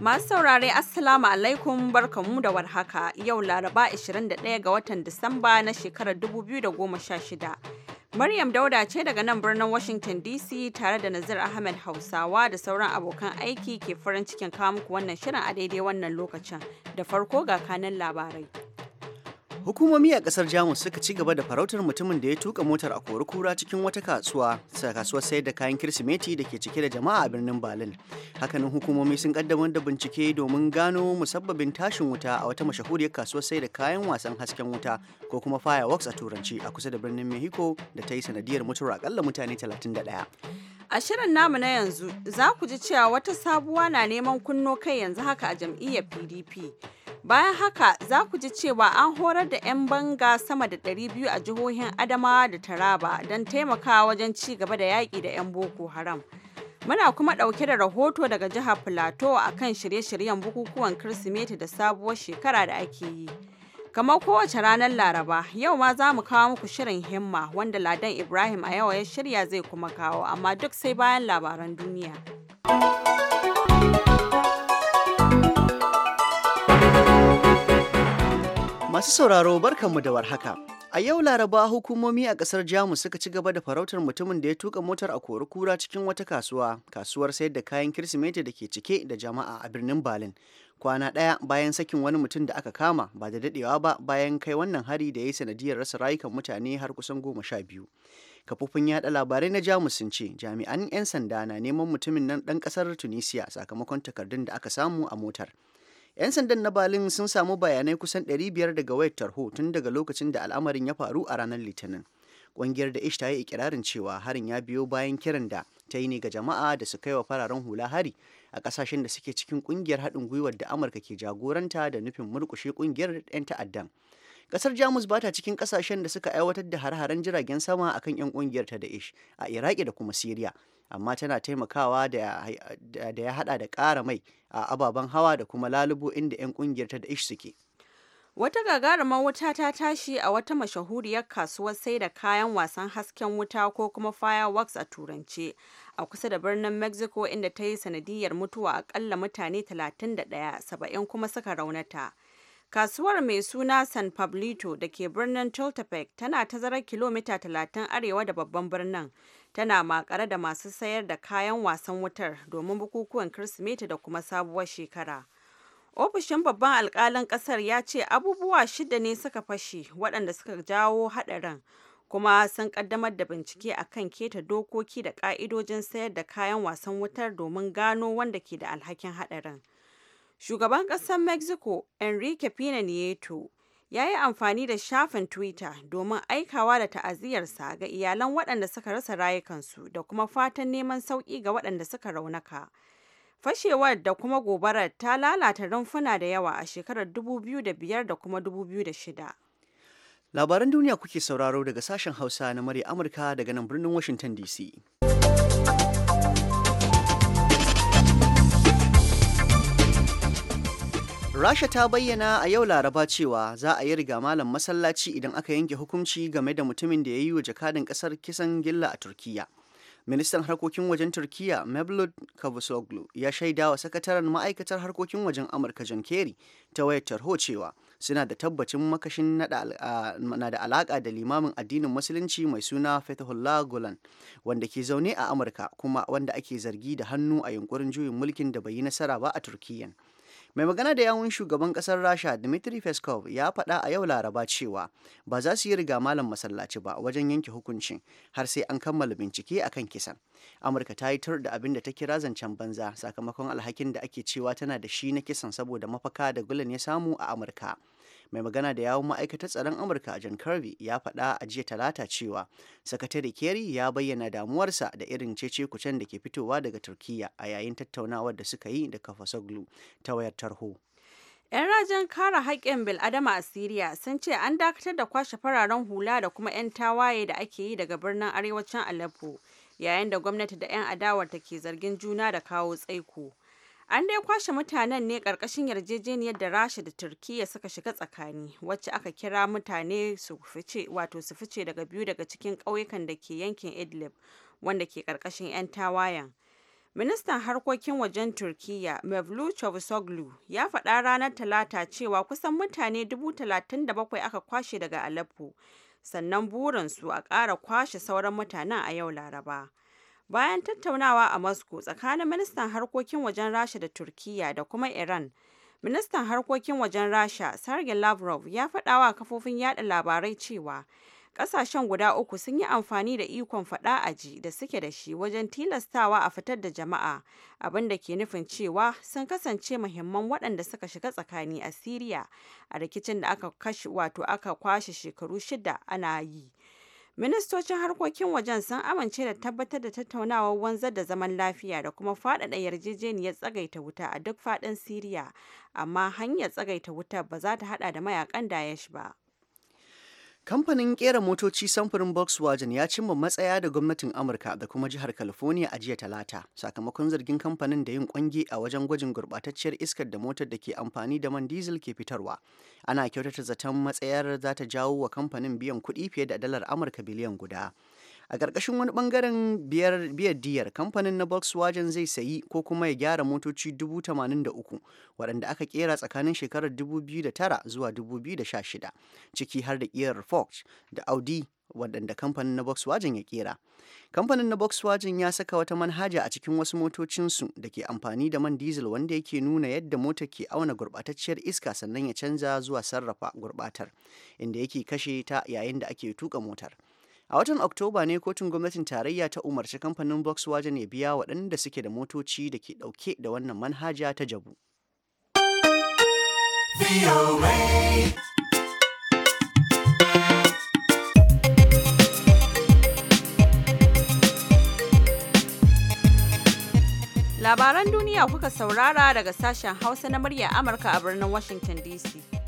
Masu saurare Assalamu alaikum barkamu da warhaka yau Laraba 21 ga watan Disamba na shekarar 2016. Maryam Dauda ce daga nan birnin Washington DC tare da Nazir Ahmed Hausawa da sauran abokan aiki ke farin cikin kawo muku wannan shirin a daidai wannan lokacin. Da farko ga kanan labarai. Hukumomi a kasar Jamus suka ci gaba da farautar mutumin da ya tuka motar a kori kura cikin wata kasuwa, kasuwar sayar da kayan Kirsimeti da ke cike da jama'a a birnin Berlin. Hakanan hukumomi sun kaddamar da bincike domin gano musabbabin tashin wuta a wata mashahuriyar kasuwar sayar da kayan wasan hasken wuta ko kuma fireworks a turanci a kusa da birnin Mexico da ta yi sanadiyar mutuwar akalla mutane 31. A shirin namu na yanzu za ku ji cewa wata sabuwa na neman kunno kai yanzu haka a jam'iyyar PDP. Bayan haka za ku ji cewa an horar da 'yan banga sama da 200 a jihohin Adamawa da Taraba don taimakawa wajen ci gaba da yaƙi da 'yan Boko Haram. Muna kuma ɗauke da rahoto daga jihar plateau akan shirye-shiryen bukukuwan Kirsimeti da sabuwar shekara da ake yi. Kamar kowace ranar Laraba, yau ma za mu kawo muku shirin himma wanda Ladan Ibrahim a yawa ya shirya zai kuma kawo, amma duk sai bayan labaran duniya. Masu sauraro barkanmu da warhaka. A yau Laraba hukumomi a kasar Jamus suka ci gaba da farautar mutumin da ya tuka motar a korukura cikin wata kasuwa, kasuwar sayar da kayan Kirsimeti da ke cike da jama'a a birnin Berlin. kwana ɗaya bayan sakin wani mutum da aka kama ba da daɗewa ba bayan kai wannan hari da ya yi sanadiyar rasa rayukan mutane har kusan goma sha biyu kafofin yada labarai na jamus sun ce jami'an 'yan sanda na neman mutumin nan ɗan ƙasar tunisia sakamakon takardun da aka samu a motar 'yan sandan na balin sun samu bayanai kusan 500 daga wayar tarho tun daga lokacin da al'amarin ya faru a ranar litinin ƙungiyar da ish ta yi ikirarin cewa harin ya biyo bayan kiran da ta yi ne ga jama'a da su kai wa fararen hula hari a kasashen da suke cikin kungiyar haɗin gwiwar da amurka ke jagoranta da nufin murkushe kungiyar 'yan ta'addan kasar jamus bata cikin kasashen da suka aiwatar da har-haren jiragen sama akan 'yan kungiyar ta da ish a iraki da kuma siriya amma tana taimakawa da ya hada da kara mai a ababen hawa da kuma lalubo inda 'yan kungiyar ta da ish suke Wata gagarumar wuta ta tashi a wata mashahuriyar kasuwar sai da kayan wasan hasken wuta ko kuma fireworks a turance a kusa da birnin mexico inda ta yi sanadiyar mutuwa akalla mutane 31 saba'in kuma suka raunata kasuwar mai suna san pablito da ke birnin tultepec tana tazarar kilomita 30 arewa da babban birnin tana makare da masu sayar da kayan wasan wutar domin bukukuwan kirsimeti da kuma sabuwar shekara ofishin babban alkalin kasar ya ce abubuwa shida ne suka fashe waɗanda suka jawo haɗarin kuma sun kaddamar da bincike a kan keta dokoki da ka'idojin sayar da kayan wasan wutar domin gano wanda ke da alhakin haɗarin. Shugaban ƙasar Mexico, Enrique Pena Nieto, ya yi amfani da shafin Twitter domin aikawa da ta'aziyarsa ga iyalan waɗanda suka rasa rayukansu da kuma fatan neman sauƙi ga waɗanda suka raunaka. Fashewar da kuma gobarar ta lalata rumfuna da yawa a shekarar 2005 da kuma 2006. Labaran duniya kuke sauraro daga sashen Hausa na murya Amurka daga nan birnin Washington DC. Rasha ta bayyana a yau Laraba cewa za a yi riga malam masallaci idan aka yanke hukunci game da mutumin da ya yi wa jakadin kasar kisan gilla a Turkiyya. Ministan harkokin wajen Turkiyya Mevlut Cavusoglu ya shaidawa sakataren ma'aikatar harkokin wajen Amurka John Kerry ta wayar tarho cewa suna da tabbacin makashin na da alaka da limamin addinin musulunci mai suna Fethullah Gulen wanda ke zaune a Amurka kuma wanda ake zargi da hannu a yunkurin juyin mulkin da bai yi nasara ba a Turkiyya. mai magana da yawun shugaban kasar rasha dmitry peskov ya faɗa a yau laraba cewa ba za su yi riga malam masallaci ba wajen yanke hukuncin har sai an kammala bincike a kan kisan amurka ta yi tur da abin da ta kira zancen banza sakamakon alhakin da ake cewa tana da shi na kisan saboda mafaka da gulen ya samu a amurka mai magana da yawun ma'aikatar tsaron amurka john kirby ya faɗa a jiya talata cewa sakatare kerry ya bayyana damuwarsa da irin cece kucen da ke fitowa daga turkiya a yayin tattaunawar da suka yi da kafasoglu ta wayar tarho 'Yan rajin kare haƙƙin bil'adama a Siriya sun ce an dakatar da kwashe fararen hula da kuma 'yan tawaye da ake yi daga birnin arewacin Aleppo yayin da gwamnati da 'yan adawarta ke zargin juna da kawo tsaiko. An dai kwashe mutanen ne ƙarƙashin yarjejeniyar da Rasha da Turkiyya suka shiga tsakani, wacce aka kira mutane su fice wato su fice daga biyu daga cikin ƙauyukan da ke yankin Idlib, wanda ke ƙarƙashin 'yan tawayan Ministan harkokin wajen Turkiyya mevlu Cavusoglu ya faɗa ranar Talata cewa kusan mutane 37,000 aka kwashe daga Aleppo, sannan burinsu a ƙara kwashe sauran mutanen a yau Laraba. Bayan tattaunawa a Moscow tsakanin ministan harkokin wajen Rasha da Turkiyya da kuma Iran, ministan harkokin wajen Rasha Sergei Lavrov ya faɗa wa kafofin yaɗa labarai cewa ƙasashen guda uku sun yi amfani da ikon faɗa aji da suke da shi wajen tilastawa a fitar da jama'a abin da ke nufin cewa sun kasance muhimman waɗanda suka shiga tsakani a Siriya a rikicin da aka kashe wato aka kwashe shekaru shida ana yi Ministocin harkokin wajen sun amince da tabbatar da tattaunawar wanzar da zaman lafiya da kuma faɗaɗa yarjejeniyar tsagaita wuta a duk fadin Siriya, amma hanyar tsagaita wuta ba za ta haɗa da mayakan Daesh ba. Kamfanin kera motoci samfurin Volkswagen ya cimma matsaya da gwamnatin Amurka da kuma jihar California a jiya talata sakamakon zargin kamfanin da yin kwangi a wajen gwajin gurbatacciyar iskar da motar da ke amfani da man diesel ke fitarwa. Ana kyautata zaton matsayar za ta jawo wa kamfanin biyan kuɗi fiye da dalar Amurka biliyan guda. a ƙarƙashin wani ɓangaren biyar diyar kamfanin na volkswagen zai sayi ko kuma ya gyara motoci 83,000 waɗanda aka ƙera tsakanin shekarar 2009 zuwa 2016 ciki har da ƙerar ford da audi waɗanda kamfanin na Volkswagen ya ƙera Kamfanin na Volkswagen ya saka wata manhaja a cikin wasu motocinsu da ke amfani da man diesel wanda yake nuna yadda mota ke auna gurɓatacciyar iska sannan ya canza zuwa sarrafa gurɓatar, inda yake kashe ta yayin da ake tuka motar. A watan Oktoba ne kotun gwamnatin tarayya ta umarci kamfanin Volkswagen ya biya waɗanda suke da motoci da ke ɗauke da wannan manhaja ta jabu. Labaran duniya kuka saurara daga sashen Hausa na murya Amurka a birnin Washington DC.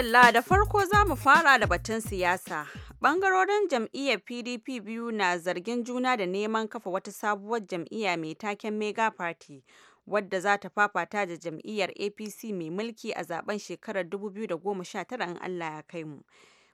alhamdulillah da farko za mu fara da batun siyasa. Bangarorin jam'iyyar PDP biyu na zargin juna da neman kafa wata sabuwar jam'iyya mai taken Mega Party wadda za ta fafata da jam'iyyar APC mai mulki a zaben shekarar 2019 in Allah ya kai mu.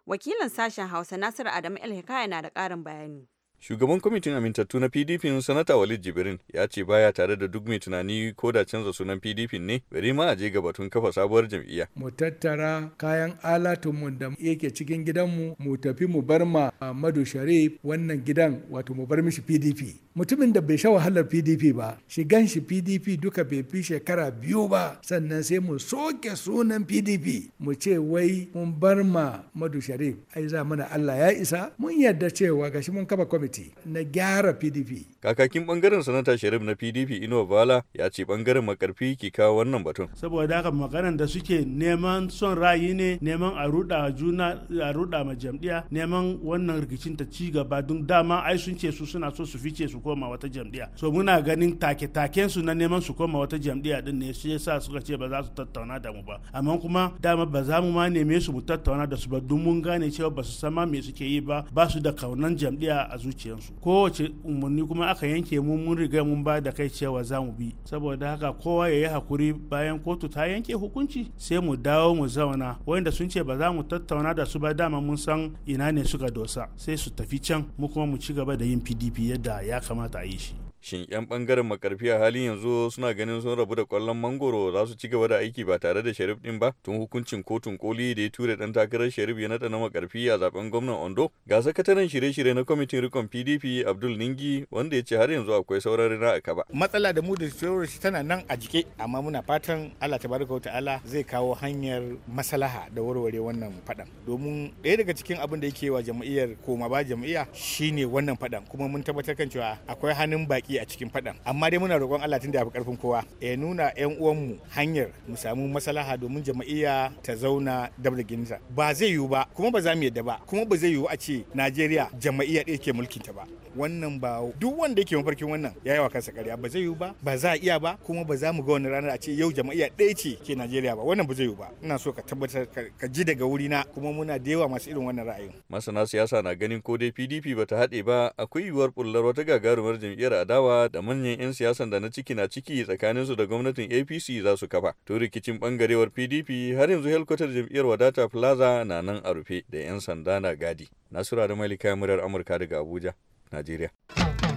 Wakilin sashen Hausa Nasiru Adamu El Hikaya na da ƙarin bayani. Shugaban kwamitin amintattu na PDP sanata Walid Jibrin ya ce baya tare da duk mai tunani ko da canza sunan PDP ne bari ma a je ga batun kafa sabuwar jam'iyya. Mu tattara kayan alatunmu da yake cikin gidan mu mu tafi mu bar ma Madu Sharif wannan gidan wato mu bar mishi PDP. Mutumin da bai sha wahalar PDP ba shigan shi PDP duka bai fi shekara biyu ba sannan sai mu soke sunan PDP mu ce wai mun bar ma Madu Sharif ai za mana Allah ya isa mun yarda cewa gashi mun kafa kwamiti gwamnati na gyara pdp Kakakin bangaren sanata Sharif na PDP ino Bala ya ce bangaren makarfi ke kawo wannan batun. Saboda haka maganar da suke neman son ra'ayi ne, neman a ruda juna, a ruda ma jam'iyya, neman wannan rikicin ta ci gaba don dama ai sun ce su suna so su fice su koma wata jam'iyya. So muna ganin take-taken su na neman su koma wata jam'iyya din ne shi yasa suka ce ba za su tattauna da mu ba. Amma kuma dama ba za mu ma neme su mu tattauna da su ba don mun gane cewa ba su sama me suke yi ba, ba su da kaunan jam'iyya a zuciyarsu. Kowace umarni kuma aka yanke mu mun riga mun ba da kai cewa za mu bi saboda haka kowa ya yi hakuri bayan kotu ta yanke hukunci sai mu dawo mu zauna wanda sun ce ba za mu tattauna da su ba dama mun san ina ne suka dosa sai su tafi can mu kuma mu ci gaba da yin pdp yadda ya kamata a yi shi shin 'yan bangaren makarfi a halin yanzu suna ganin sun rabu da kwallon mangoro za su ci gaba da aiki ba tare da sharif din ba tun hukuncin kotun koli da ya ture dan takarar sharif ya nada na makarfi a zaben gwamnan ondo ga sakataren shirye-shirye na kwamitin rikon pdp abdul ningi wanda ya ce har yanzu akwai sauran rina a kaba matsala da mu da shi tana nan a jike amma muna fatan allah tabaraka wa ta'ala zai kawo hanyar masalaha da warware wannan fadan domin ɗaya daga cikin abin da yake wa jam'iyyar koma ba jam'iyya shine wannan fadan kuma mun tabbatar kan cewa akwai hannun baki a cikin faɗan amma dai muna roƙon Allah tun da ya fi ƙarfin kowa ya nuna 'yan mu hanyar mu samu maslaha domin jama'iyya ta zauna dab da ba zai yiwu ba kuma ba za mu yadda ba kuma ba zai yiwu a ce Najeriya jama'iyya ɗaya ke mulkin ta ba wannan ba duk wanda yake mafarkin wannan ya yi wa kansa ƙarya ba zai yiwu ba ba za a iya ba kuma ba za mu ga wani ranar a ce yau jama'iyya ɗaya ce ke Najeriya ba wannan ba zai yiwu ba ina so ka tabbatar ka ji daga wuri na kuma muna da yawa masu irin wannan ra'ayin masana siyasa na ganin ko dai PDP ta haɗe ba akwai yiwuwar bullar wata gagarumar jam'iyyar adawa adawa da manyan 'yan siyasan da na ciki na ciki tsakaninsu da gwamnatin apc za su kafa to rikicin bangarewar pdp har yanzu helkwatar jam'iyyar wadata plaza na nan a rufe da 'yan sanda na gadi nasura da malika murar amurka daga abuja najeriya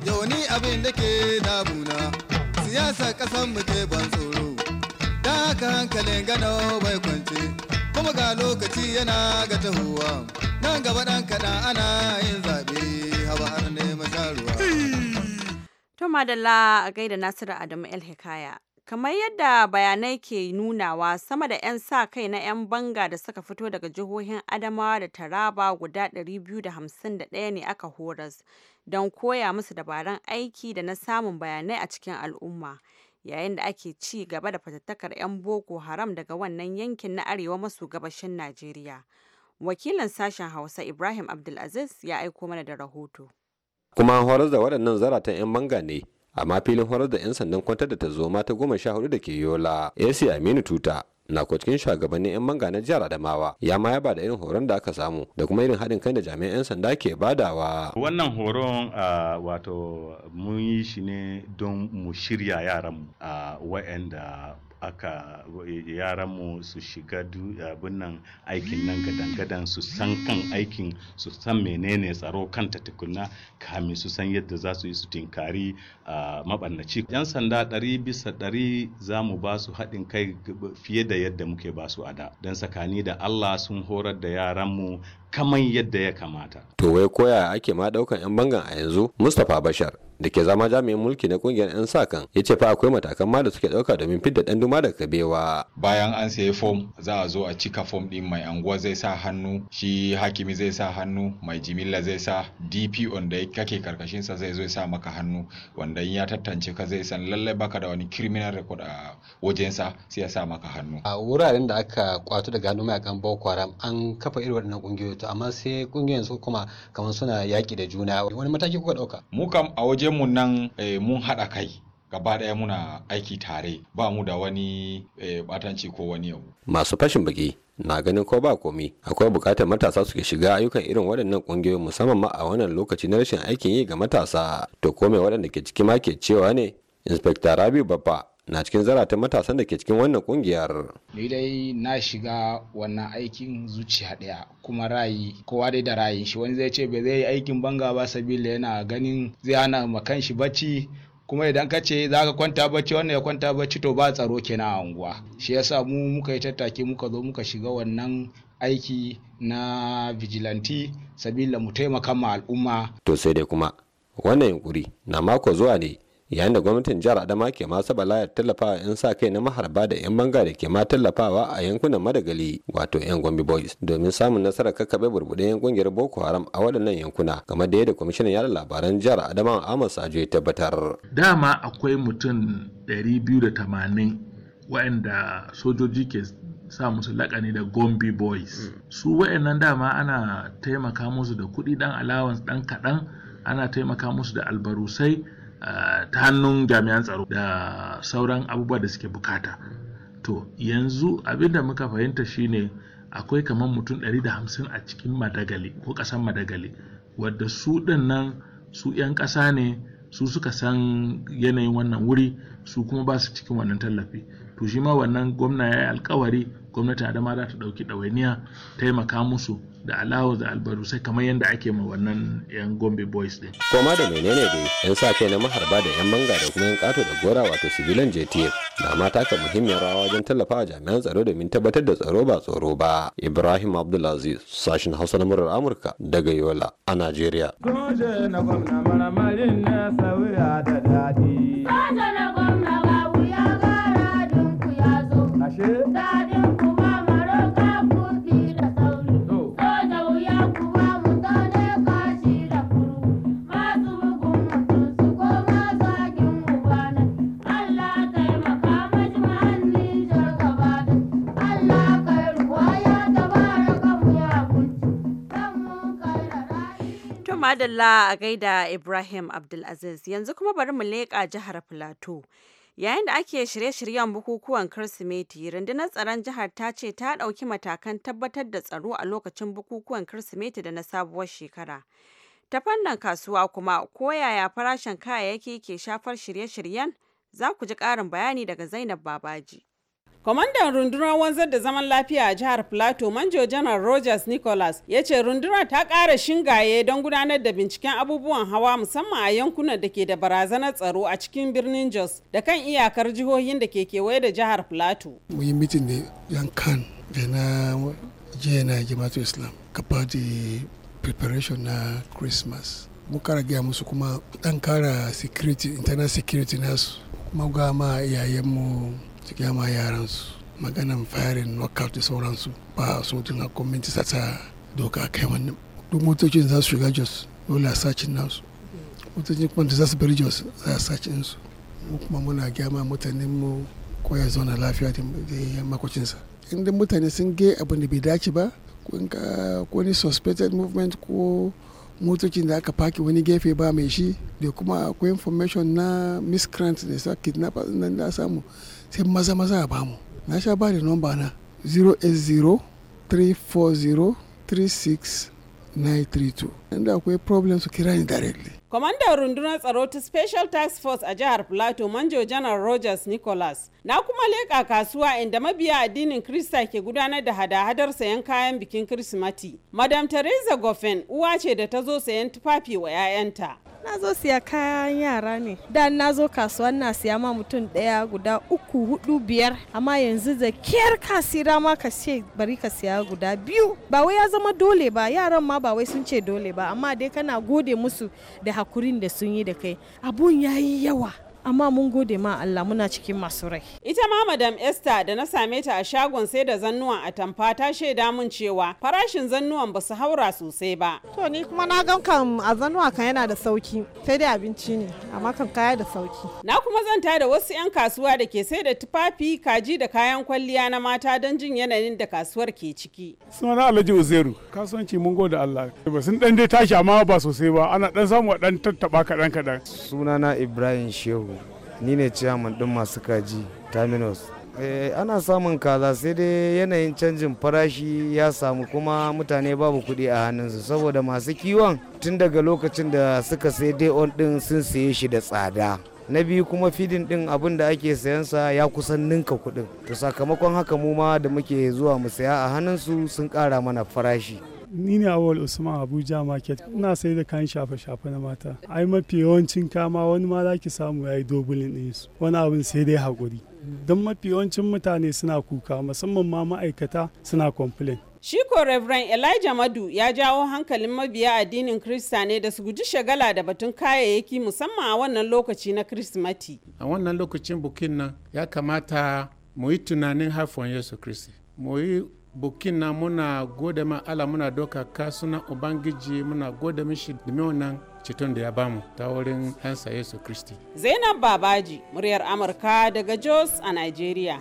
Yawani abin da ke damuna siyasa kasan mu ke ban tsoro da haka hankalin gano bai kwance kuma ga lokaci yana ga tahowa nan gaba dan kaɗan ana yin zaɓe haba har neman ruwa To madalla a gaida Nasiru Adamu El Hikaya. Kamar yadda bayanai ke nunawa sama da 'yan sa kai na 'yan banga da suka fito daga jihohin Adamawa da Taraba guda 251 ne aka horas don koya musu dabaran aiki da na samun bayanai a cikin al'umma. Yayin da ake ci gaba da fatattakar 'yan Boko Haram daga wannan yankin na arewa maso gabashin Najeriya. Wakilin sashen Hausa Ibrahim Abdulaziz ya aiko mana da rahoto. kuma an horar da waɗannan zaratan 'yan manga ne amma filin horar da 'yan sandan kwantar da ta zo mata goma sha hudu da ke yola ac aminu tuta na ko cikin shugabannin 'yan manga na jihar adamawa ya ma ya bada irin horon da aka samu da kuma irin haɗin kai da jami'an 'yan sanda ke badawa wannan horon wato mun yi shi ne don mu shirya yaranmu a wa'anda aka yaranmu su shiga abin nan aikin nan gadan-gadan su san kan aikin su san menene tsaro kanta tukunna kamin su san yadda za su yi su tinkari a mabannaci yan sanda ɗari bisa ɗari za mu ba su haɗin kai fiye da yadda muke ba su ada don tsakani da allah sun horar da yaranmu kamar yadda ya kamata. To wai koya ake ma daukan 'yan bangan a yanzu Mustapha Bashar da ke zama jami'in mulki na kungiyar 'yan sa kan ya ce fa akwai matakan ma da suke dauka domin fidda dan duma daga kabewa. Bayan an sayi fom za a zo a cika fom din mai anguwa zai sa hannu shi hakimi zai sa hannu mai jimilla zai sa DP wanda kake karkashin sa zai zo ya sa maka hannu wanda ya tantance ka zai san lallai baka da wani criminal record a wajen sa sai ya sa maka hannu. A wuraren da aka kwato daga hannu hannun mayakan Boko Haram an kafa irin waɗannan kungiyoyi to amma sai kungiyar su kuma kamar suna yaki da juna wani mataki kuka dauka mu kam a wajen mu nan eh, mun haɗa kai gaba daya muna aiki tare ba mu da wani batanci eh, ko wani yau masu fashin biki na ganin ko ba komi akwai bukatar matasa suke shiga ayyukan irin waɗannan kungiyoyin musamman ma a wannan lokaci na rashin aikin yi ga matasa to ko waɗanda ke ciki ma ke cewa ne inspector rabi babba na cikin zarata matasan da ke cikin wannan kungiyar. Ni dai na shiga wannan aikin zuciya ɗaya kuma rayi kowa dai da rayin shi wani zai ce bai zai yi aikin banga ba sabila yana ganin zai hana makan shi bacci kuma idan ka ce za ka kwanta bacci wannan ya kwanta bacci to ba tsaro kenan a unguwa shi yasa mu muka yi tattaki muka zo muka shiga wannan aiki na vigilanti sabila mu taimaka ma al'umma to sai dai kuma wannan yunkuri na mako zuwa ne yayin da gwamnatin jihar adama ke masu balayar tallafawa 'yan sa kai na maharba da 'yan banga da ke ma tallafawa a yankunan madagali wato 'yan gombe boys domin samun nasarar kakkabe burbuɗe 'yan kungiyar boko haram a waɗannan yankuna kamar da yadda kwamishinan yada labaran jihar adama ahmad sajo ya tabbatar dama akwai mutum 280 waɗanda sojoji ke sa musu lakani da gombe boys su waɗannan dama ana taimaka musu da kuɗi dan allowance dan kaɗan ana taimaka musu da albarusai ta hannun jami'an tsaro da sauran abubuwa da suke bukata to yanzu abinda muka fahimta shine akwai kamar mutum 150 a cikin madagali ko ƙasan madagali wadda su nan su 'yan ƙasa ne su suka san yanayin wannan wuri su kuma ba su cikin wannan tallafi to shi ma wannan gwamna ya yi alkawari gwamnatin adama za ta ɗauki ɗawainiya taimaka musu da alawa da albaru sai kamar yadda ake ma wannan yan gombe boys ɗin. koma da menene dai yan sa kai na maharba da yan manga da kuma yan kato da gora wato sibilan jtf na ma taka muhimmiyar rawa wajen a jami'an tsaro domin tabbatar da tsaro ba tsoro ba ibrahim abdulaziz sashen hausa na murar amurka daga yola a najeriya. da daɗi. madalla a gaida Ibrahim Abdulaziz. Yanzu kuma bari mu leƙa jihar Filato. Yayin da ake shirye-shiryen bukukuwan Kirsimeti, rundunar tsaron jihar ta ce ta ɗauki matakan tabbatar da tsaro a lokacin bukukuwan Kirsimeti da na sabuwar shekara. Ta fannin kasuwa kuma, ko yaya farashin kayayyaki ke shafar shirye-shiryen? Za ku ji ƙarin bayani daga Zainab Babaji. Kwamandan rundunar wanzar da zaman lafiya a jihar Plateau Manjo Janar Rogers Nicholas ya ce rundunar ta ƙara shingaye don gudanar da binciken abubuwan hawa musamman a yankunan da ke da barazanar tsaro a cikin birnin Jos da kan iyakar jihohin da ke kewaye da jihar Plateau. Mun yi mitin ne kan da na na jimatu Islam gaba da preparation na Christmas. Mun gaya musu kuma dan kara security internal security nasu kuma ga ma iyayenmu su yaran su maganan firing knockout da sauransu ba sojin a gwamnati sa ta doka kai wannan duk motocin za su shiga jos dole a sacin nasu motocin kuma da za su bari jos za a sacin su mu kuma muna gyama mutanen mu koya zauna lafiya da makocinsa inda mutane sun ga abin da bai dace ba ko ni suspected movement ko motocin da aka faki wani gefe ba mai shi da kuma akwai information na miscreant da sa kidnappers nan da samu sai maza maza a bamu na sha ba da nomba na 08034036932 inda akwai problem su kira ni directly. Kwamandan rundunar tsaro ta Special Task Force a jihar Plateau Manjo Janar Rogers Nicholas na kuma leƙa kasuwa inda mabiya addinin Krista ke gudanar da hada-hadar sayan kayan bikin Kirsimati. Madam Teresa Goffin uwa ce da ta zo sayan tufafi wa 'ya'yanta. na zo siya kayan yara ne da na zo kasuwa na siya ma mutum daya guda uku hudu biyar amma yanzu da kiyar ka ma ka ce bari ka siya guda biyu ba wai ya zama dole ba yaran ma ba wai sun ce dole ba amma dai kana gode musu da hakurin da sun yi da kai abun yayi yawa amma mun gode ma Allah muna cikin masu rai. Ita ma Madam Esther da na same ta a shagon sai da a tamfa ta shaida mun cewa farashin zannuwan ba su haura sosai ba. To ni kuma na gan kan a zannuwa kan yana da sauki sai dai abinci ne amma kan kaya da sauki. Na kuma zanta da wasu 'yan kasuwa da ke sai da tufafi kaji da kayan kwalliya na mata don jin yanayin da kasuwar ke ciki. Sunana Alhaji Uzeru kasuwanci mun gode Allah. Ba sun dan dai tashi amma ba sosai ba ana dan samu dan tattaba kaɗan kaɗan. Sunana Ibrahim Shehu ni ne ciyaman ɗin masu kaji terminus eh, ana samun kaza sai dai yanayin canjin farashi ya samu kuma mutane babu kuɗi a hannunsu saboda masu kiwon tun daga lokacin da suka sai dai on ɗin sun saye shi da tsada na biyu kuma fidin ɗin abin da ake sayansa ya kusan ninka kuɗin to sakamakon haka mu ma da muke zuwa mu saya a hannunsu sun ƙara mana farashi ni ne awol usman abuja market ina sai da kayan shafe-shafe na mata ai mafi yawancin kama wani ma za ki samu ya yi dobulin su wani abin sai dai haƙuri don mafi yawancin mutane suna kuka musamman ma ma'aikata suna complain Shi ko Reverend Elijah Madu ya jawo hankalin mabiya addinin Krista ne da su guji shagala da batun kayayyaki musamman a wannan lokaci na Kirsimati. A wannan lokacin bukin nan ya kamata mu yi tunanin haifon Yesu Kristi, mu yi bukin na muna gode ma ala muna doka kasunan Ubangiji muna gode mishi domin wannan ceton da ya bamu ta wurin ɗansa Yesu Kristi. Zainab Babaji, muryar Amurka daga Jos a Nigeria.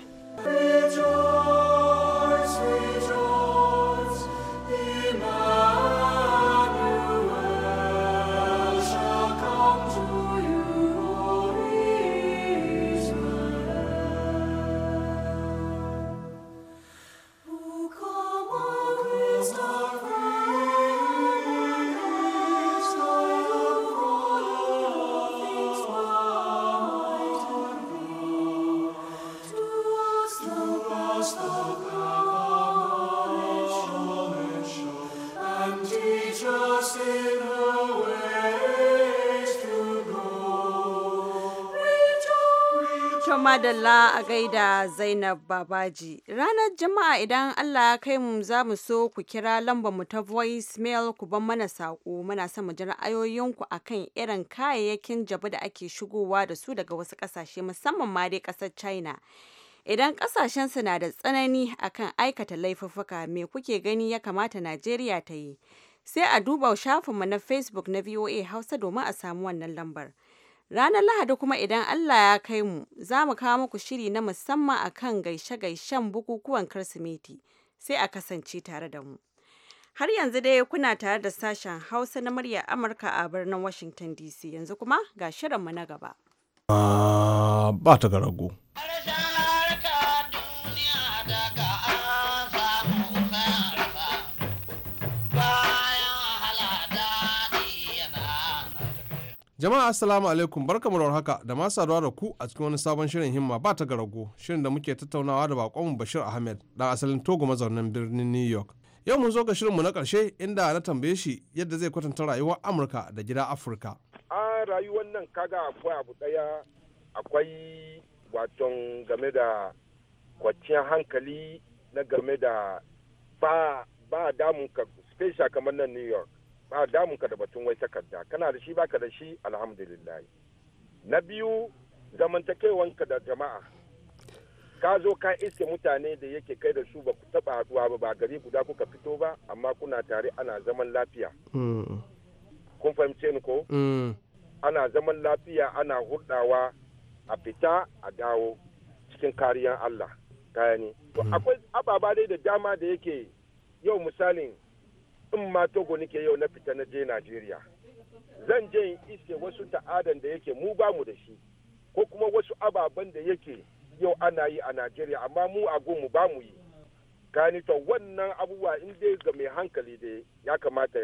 Allah a gaida Zainab Babaji. Ranar Juma'a idan Allah ya kai mu za mu so ku kira lambar mu ta voicemail ku ban mana saƙo muna son mu ji ra'ayoyinku akan irin kayayyakin jabu da ake shigowa da su daga wasu ƙasashe musamman ma dai ƙasar China. Idan ƙasashensu na da tsanani akan aikata laifuffuka me kuke gani ya kamata Najeriya ta yi? Sai a duba shafinmu na Facebook na VOA Hausa domin a samu wannan lambar. Ranar Lahadi kuma idan Allah ya kai mu, za mu kawo muku shiri na musamman akan gaishe-gaishen bukukuwan Kirsimeti. Sai a kasance tare da mu. Har yanzu dai kuna tare da sashen Hausa na muryar Amurka a birnin Washington DC. Yanzu kuma ga shirin mu na gaba. Ah, ba ta garago. Jama'a assalamu alaikum barkamu da haka da ma saduwa da ku a cikin wani sabon shirin himma ba ta garago shirin da muke tattaunawa da bakonmu Bashir Ahmed da asalin Togo mazaunin birnin New York. Yau mun zo ga shirinmu na karshe inda na tambaye shi yadda zai kwatanta rayuwar Amurka da gida Afirka. A rayuwar nan kaga akwai abu daya akwai waton game da kwanciyar hankali na game da ba ba damun ka special kamar nan New York. ba damun ka da batun wai takarda kana da shi baka da shi alhamdulillah na biyu zamantakewanka da jama'a ka zo ka iske mutane da yake kai da su ba ku taba haduwa ba ba gari guda kuka fito ba amma kuna tare ana zaman lafiya mm. kun fahimce ni ko mm. ana zaman lafiya ana hurdawa a fita a dawo cikin kariyan Allah gane to mm. akwai ababa dai da dama da yake yau misalin in ma togo nike yau na fita na je najeriya zan je in iske wasu ta'adan da yake mu bamu da shi ko kuma wasu ababen da yake yau ana yi a najeriya amma mu a mu ba mu yi gani to wannan abubuwa in dai ga mai hankali da ya kamata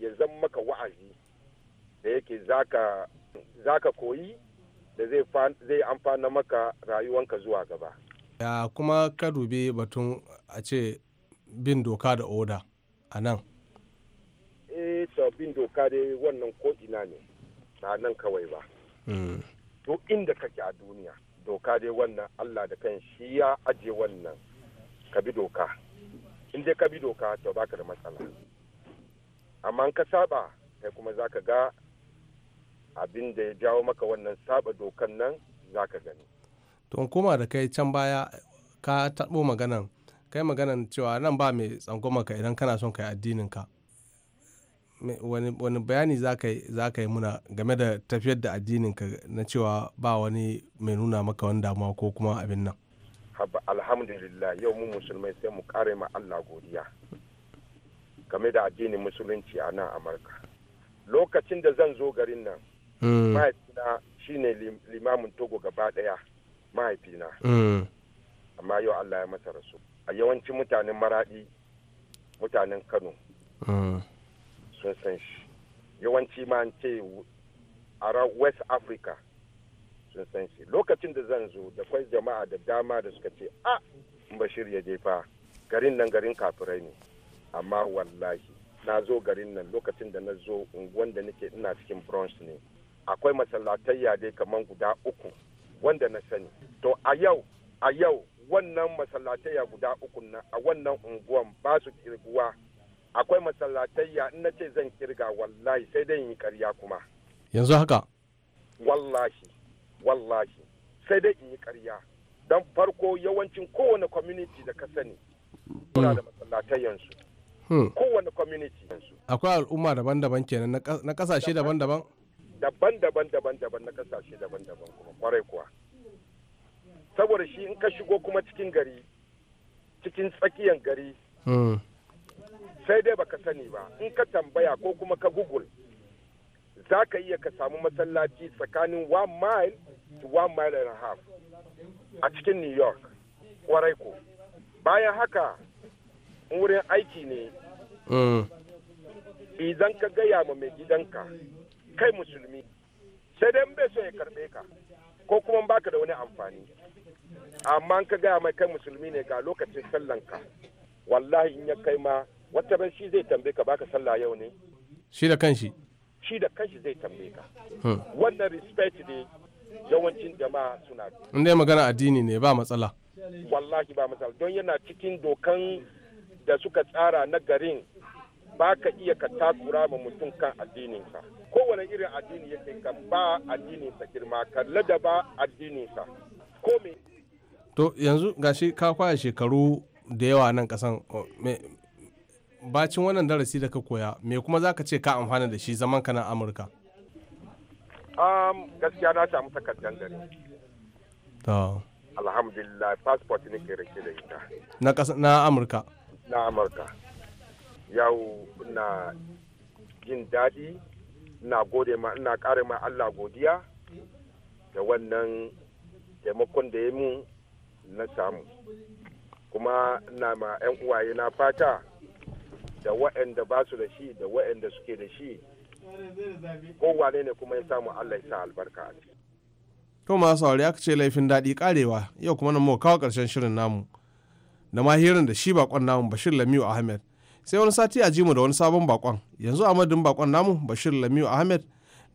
ya zan maka wa'azi da yake za ka koyi da zai zai amfana maka rayuwanka zuwa gaba ya kuma ka dubi batun a ce bin doka da oda a nan e sabbin doka dai wannan ko ina ne ba nan kawai ba to hmm. inda kake a duniya doka dai wannan Allah da kan shi ya ajiye wannan ka bi doka in dai ka bi doka to baka da matsala amma ka saba kai kuma zaka ga abin da ya jawo maka wannan saba dokan nan zaka gani to koma da kai can baya ka taɓo maganan kai maganan cewa nan ba mai tsangwama ka idan kana son kai addinin ka wani bayani za ka yi muna game da tafiyar da addinin ka na cewa ba wani mai nuna maka wani damuwa ko kuma abin nan alhamdulillah yau mu musulmai sai mu kare ma Allah godiya game da addinin musulunci a nan amurka lokacin da zan zo garin nan mm. mahaifina shine limamin togo gaba daya mahaifina mm. amma yau Allah ya masa rasu a yawancin mutanen maradi mutanen kano mm. sun san yawanci ma ce a west africa sun san shi lokacin da zan zo da kwai jama'a da dama da suka ce a ah, bashir ya jefa garin nan garin kafirai ne amma wallahi na zo garin nan lokacin da na zo unguwan da nake ina cikin bronx ne akwai masallatayya dai kamar guda uku wanda na sani to a yau a yau wannan masallatayya guda uku na a wannan unguwan ba su kirguwa akwai masallatayya in na ce zan kirga wallahi sai dai yi karya kuma yanzu haka wallahi wallahi sai dai in yi karya don farko yawancin kowane community da ka sani hmm. da masallatayyansu hmm. kowane community akwai al'umma daban-daban kenan na kasashe daban-daban daban-daban daban-daban na kasashe daban-daban kuma kwarai kuwa saboda shi in ka shigo kuma cikin gari cikin tsakiyar gari hmm. sai dai baka sani ba in ka tambaya ko kuma ka google za ka iya ka samu masallaci tsakanin one mile to one mile and a half a cikin new york kwarai ko bayan haka wurin aiki ne mm. idan ka gaya ma mai gidanka kai musulmi sai dai bai so ya karbe ka ko kuma baka da wani amfani amma ka gaya mai kai musulmi ne ga lokacin sallanka wallahi in ya kai ma wata ran shi zai tambaye ka baka sallah yau ne shi da kanshi shi da kanshi zai tambaye ka hmm. wannan respect ne yawancin jama'a suna in dai magana addini ne ba matsala wallahi ba matsala don yana cikin dokan da suka tsara na garin ba ka iya ka takura ma mutum kan addininsa kowane irin addini yake ka ba addininsa girma ka ladaba addininsa ko me to yanzu gashi ka kwaya shekaru da yawa nan kasan bacin wannan darasi da ka koya me kuma za ka ce ka amfana da shi zaman ka na amurka um, gaskiya na samu takardar dare alhamdulillah passport ne ke rike da ita na kasa na amurka na amurka yau ina jin daɗi ina gode ma ina ma allah godiya da wannan taimakon da ya mun na samu kuma ina ma 'yan uwaye na fata da waɗanda ba su da shi da waɗanda suke da shi kowane ne kuma ya samu Allah ya sa albarka a To masu aure aka ce laifin daɗi karewa yau kuma nan mu kawo ƙarshen shirin namu da mahirin da shi bakon namu Bashir Lamiu Ahmed sai wani sati a ji mu da wani sabon bakon yanzu a madadin bakon namu Bashir Lamiu Ahmed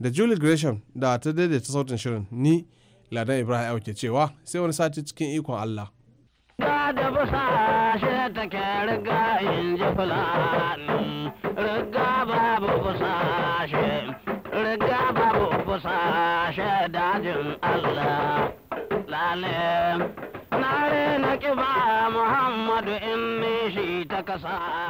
da Julie Gresham da ta daidaita sautin shirin ni Ladan Ibrahim ke cewa sai wani sati cikin ikon Allah. da busa shi take riga in ji fulani riga babu busa shi riga babu busa shi dajin Allah na rena muhammadu in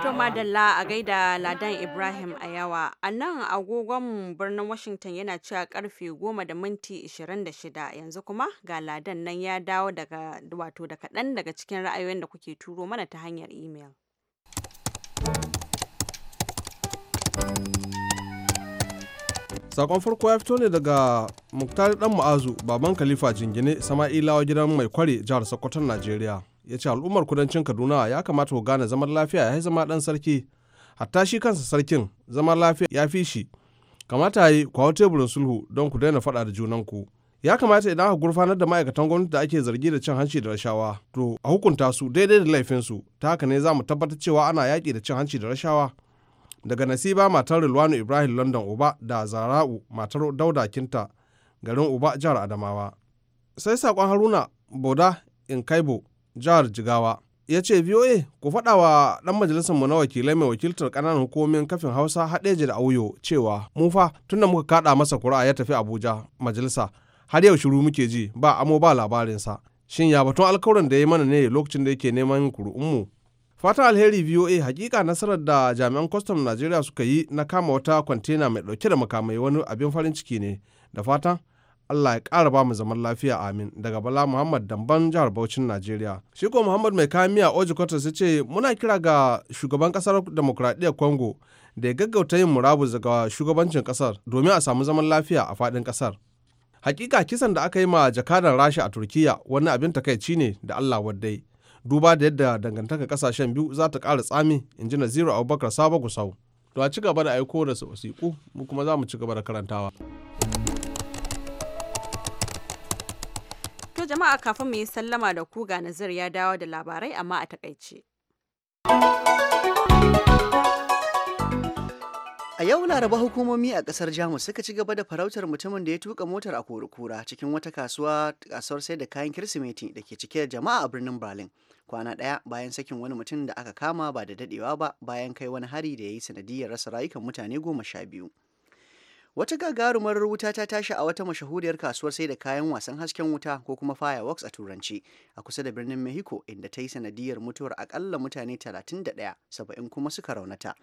to madalla a gaida ladan ibrahim a yawa a nan agogon birnin washington yana cewa karfe goma da minti 26 yanzu kuma ga ladan nan ya dawo daga wato da kaɗan daga cikin ra'ayoyin da kuke turo mana ta hanyar imel. sakon farko ya fito ne daga muktar dan mu'azu baban kalifa jingine sama'ilawa gidan mai kware jihar sokoton najeriya ya ce al'ummar kudancin kaduna ya kamata ku gane zaman lafiya ya zama dan sarki hatta shi kansa sarkin zaman lafiya ya fi shi kamata ya yi ku hau teburin sulhu don ku daina faɗa da junanku ya kamata idan aka gurfanar da ma'aikatan gwamnati da ake zargi da cin hanci da rashawa to a hukunta su daidai da laifinsu ta haka ne za mu tabbatar cewa ana yaƙi da cin hanci da rashawa daga nasiba matar rilwanu ibrahim london uba da zara'u matar dauda kinta garin uba jihar adamawa sai sakon haruna boda inkaibo jihar jigawa ya ce voa ku faɗa wa ɗan mu na wakilai mai wakiltar ƙananan hukumomin kafin hausa haɗeji da auyo cewa mu fa tunda muka kaɗa masa kura ya tafi abuja majalisa har yau shiru muke ji ba amo ba labarinsa shin ya batun alkawarin da ya mana ne lokacin da yake neman kuru'unmu fatan alheri voa hakika nasarar da jami'an kwastam najeriya suka yi na kama wata kwantena mai dauke da makamai wani abin farin ciki ne da fatan allah ya kara ba mu zaman lafiya amin daga bala muhammad damban jihar bauchin najeriya shi ko muhammad mai kayan miya oji kwatas su ce muna kira ga shugaban kasar demokuraɗiyyar congo da ya gaggauta yin murabus daga shugabancin kasar domin a samu zaman lafiya a faɗin kasar hakika kisan da aka yi ma jakadan rasha a turkiya wani abin takaici ne da allah waddai duba da yadda dangantaka kasashen biyu za ta ƙara tsami in ji naziru abubakar sabo gusau to a ci gaba da aiko da wasiƙu mu kuma za mu ci gaba da karantawa to jama'a kafin mu yi sallama da ku ga nazir ya dawo da labarai amma a takaice. A yau Laraba hukumomi a kasar Jamus suka ci gaba da farautar mutumin da ya tuka motar a kura cikin wata kasuwa kasuwar sai da kayan Kirsimeti da ke cike da jama'a a birnin Berlin. Kwana ɗaya bayan sakin wani mutum da aka kama ba da daɗewa ba bayan kai wani hari da ya yi sanadiyar rasa rayukan mutane goma sha biyu. Wata gagarumar wuta ta tashi a wata mashahuriyar kasuwar sai da kayan wasan hasken wuta ko kuma fireworks a turanci a kusa da birnin Mexico inda ta yi sanadiyar mutuwar akalla mutane 31 saba'in kuma suka raunata.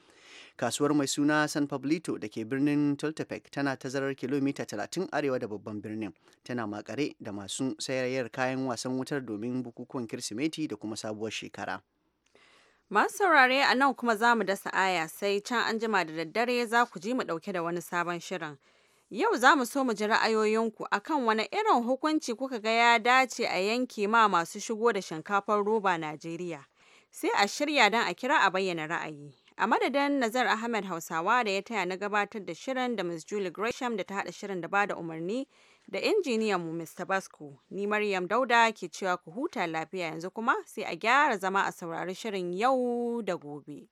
kasuwar mai suna san pablito da ke birnin tultepec tana tazarar kilomita 30 arewa da babban birnin tana makare da masu sayayyar kayan wasan wutar domin bukukuwan kirsimeti da kuma sabuwar shekara Masu saurare a nan kuma za mu dasa aya sai can an jima da daddare za ku ji mu ɗauke da wani sabon shirin. Yau za mu so mu ji ra'ayoyinku akan wani irin hukunci kuka ga ya dace a yanke ma masu shigo da shinkafar roba Najeriya. Sai a shirya don a kira a bayyana ra'ayi. A madadin Nazar Ahmed Hausawa da ya taya na gabatar da shirin da Ms. Julie Gresham da ta haɗa shirin da bada umarni da injiniyan mu Mr. Basco. Ni Maryam Dauda ke cewa ku huta lafiya yanzu kuma sai a gyara zama a saurari shirin yau da gobe.